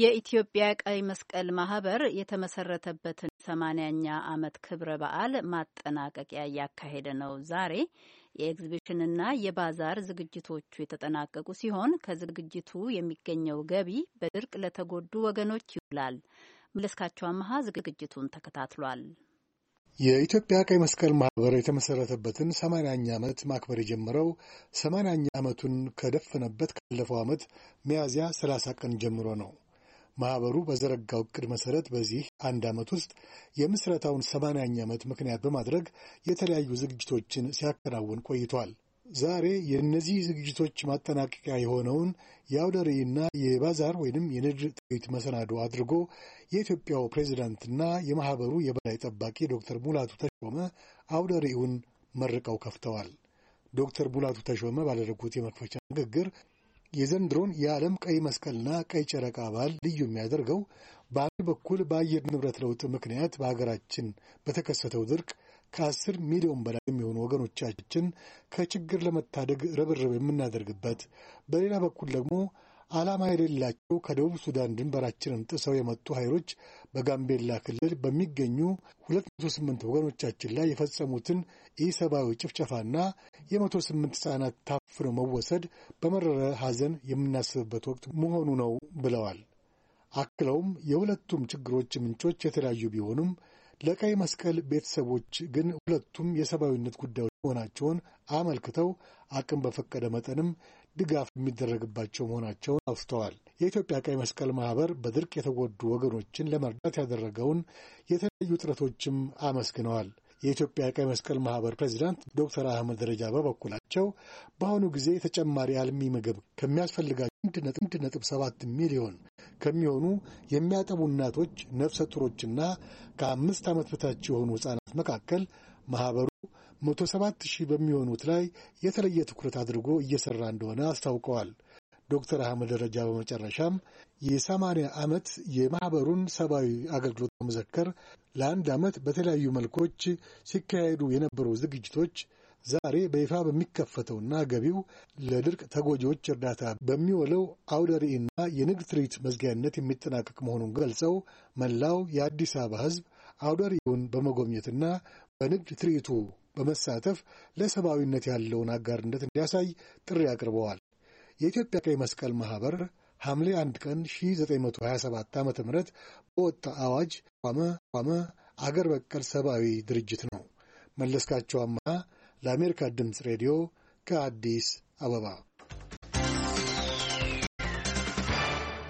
የኢትዮጵያ ቀይ መስቀል ማህበር የተመሰረተበትን ሰማንያኛ ዓመት ክብረ በዓል ማጠናቀቂያ እያካሄደ ነው። ዛሬ የኤግዚቢሽንና የባዛር ዝግጅቶቹ የተጠናቀቁ ሲሆን ከዝግጅቱ የሚገኘው ገቢ በድርቅ ለተጎዱ ወገኖች ይውላል። መለስካቸው አመሀ ዝግጅቱን ተከታትሏል። የኢትዮጵያ ቀይ መስቀል ማህበር የተመሰረተበትን ሰማንያኛ ዓመት ማክበር የጀመረው ሰማንያኛ ዓመቱን ከደፈነበት ካለፈው ዓመት ሚያዝያ 30 ቀን ጀምሮ ነው። ማኅበሩ በዘረጋው እቅድ መሠረት በዚህ አንድ ዓመት ውስጥ የምስረታውን ሰማንያኛ ዓመት ምክንያት በማድረግ የተለያዩ ዝግጅቶችን ሲያከናውን ቆይቷል። ዛሬ የእነዚህ ዝግጅቶች ማጠናቀቂያ የሆነውን የአውደ ርዕይና የባዛር ወይንም የንግድ ትርኢት መሰናዶ አድርጎ የኢትዮጵያው ፕሬዚዳንትና የማኅበሩ የበላይ ጠባቂ ዶክተር ሙላቱ ተሾመ አውደ ርዕዩን መርቀው ከፍተዋል። ዶክተር ሙላቱ ተሾመ ባደረጉት የመክፈቻ ንግግር የዘንድሮን የዓለም ቀይ መስቀልና ቀይ ጨረቃ በዓል ልዩ የሚያደርገው በአንድ በኩል በአየር ንብረት ለውጥ ምክንያት በሀገራችን በተከሰተው ድርቅ ከአስር ሚሊዮን በላይ የሚሆኑ ወገኖቻችን ከችግር ለመታደግ ርብርብ የምናደርግበት፣ በሌላ በኩል ደግሞ ዓላማ የሌላቸው ከደቡብ ሱዳን ድንበራችንን ጥሰው የመጡ ኃይሎች በጋምቤላ ክልል በሚገኙ 208 ወገኖቻችን ላይ የፈጸሙትን ኢሰብአዊ ጭፍጨፋና የ108 ሕፃናት ታፍነው መወሰድ በመረረ ሐዘን የምናስብበት ወቅት መሆኑ ነው ብለዋል። አክለውም የሁለቱም ችግሮች ምንጮች የተለያዩ ቢሆኑም ለቀይ መስቀል ቤተሰቦች ግን ሁለቱም የሰብአዊነት ጉዳዮች መሆናቸውን አመልክተው አቅም በፈቀደ መጠንም ድጋፍ የሚደረግባቸው መሆናቸውን አውስተዋል። የኢትዮጵያ ቀይ መስቀል ማህበር በድርቅ የተጎዱ ወገኖችን ለመርዳት ያደረገውን የተለያዩ ጥረቶችም አመስግነዋል። የኢትዮጵያ ቀይ መስቀል ማህበር ፕሬዚዳንት ዶክተር አህመድ ደረጃ በበኩላቸው በአሁኑ ጊዜ ተጨማሪ አልሚ ምግብ ከሚያስፈልጋቸው አንድ ነጥብ ሰባት ሚሊዮን ከሚሆኑ የሚያጠቡ እናቶች፣ ነፍሰ ጡሮችና ከአምስት ዓመት በታች የሆኑ ሕፃናት መካከል ማህበሩ መቶ ሰባት ሺህ በሚሆኑት ላይ የተለየ ትኩረት አድርጎ እየሰራ እንደሆነ አስታውቀዋል። ዶክተር አህመድ ደረጃ በመጨረሻም የሰማንያ ዓመት የማኅበሩን ሰብአዊ አገልግሎት መዘከር ለአንድ ዓመት በተለያዩ መልኮች ሲካሄዱ የነበሩ ዝግጅቶች ዛሬ በይፋ በሚከፈተውና ገቢው ለድርቅ ተጎጂዎች እርዳታ በሚውለው አውደ ርዕይና የንግድ ትርኢት መዝጊያነት የሚጠናቀቅ መሆኑን ገልጸው መላው የአዲስ አበባ ሕዝብ አውደ ርዕዩን በመጎብኘትና በንግድ ትርኢቱ በመሳተፍ ለሰብአዊነት ያለውን አጋርነት እንዲያሳይ ጥሪ አቅርበዋል። የኢትዮጵያ ቀይ መስቀል ማኅበር ሐምሌ 1 ቀን 1927 ዓ ም በወጣ አዋጅ ቋመ ቋመ አገር በቀል ሰብአዊ ድርጅት ነው። መለስካቸው አመሃ ለአሜሪካ ድምፅ ሬዲዮ ከአዲስ አበባ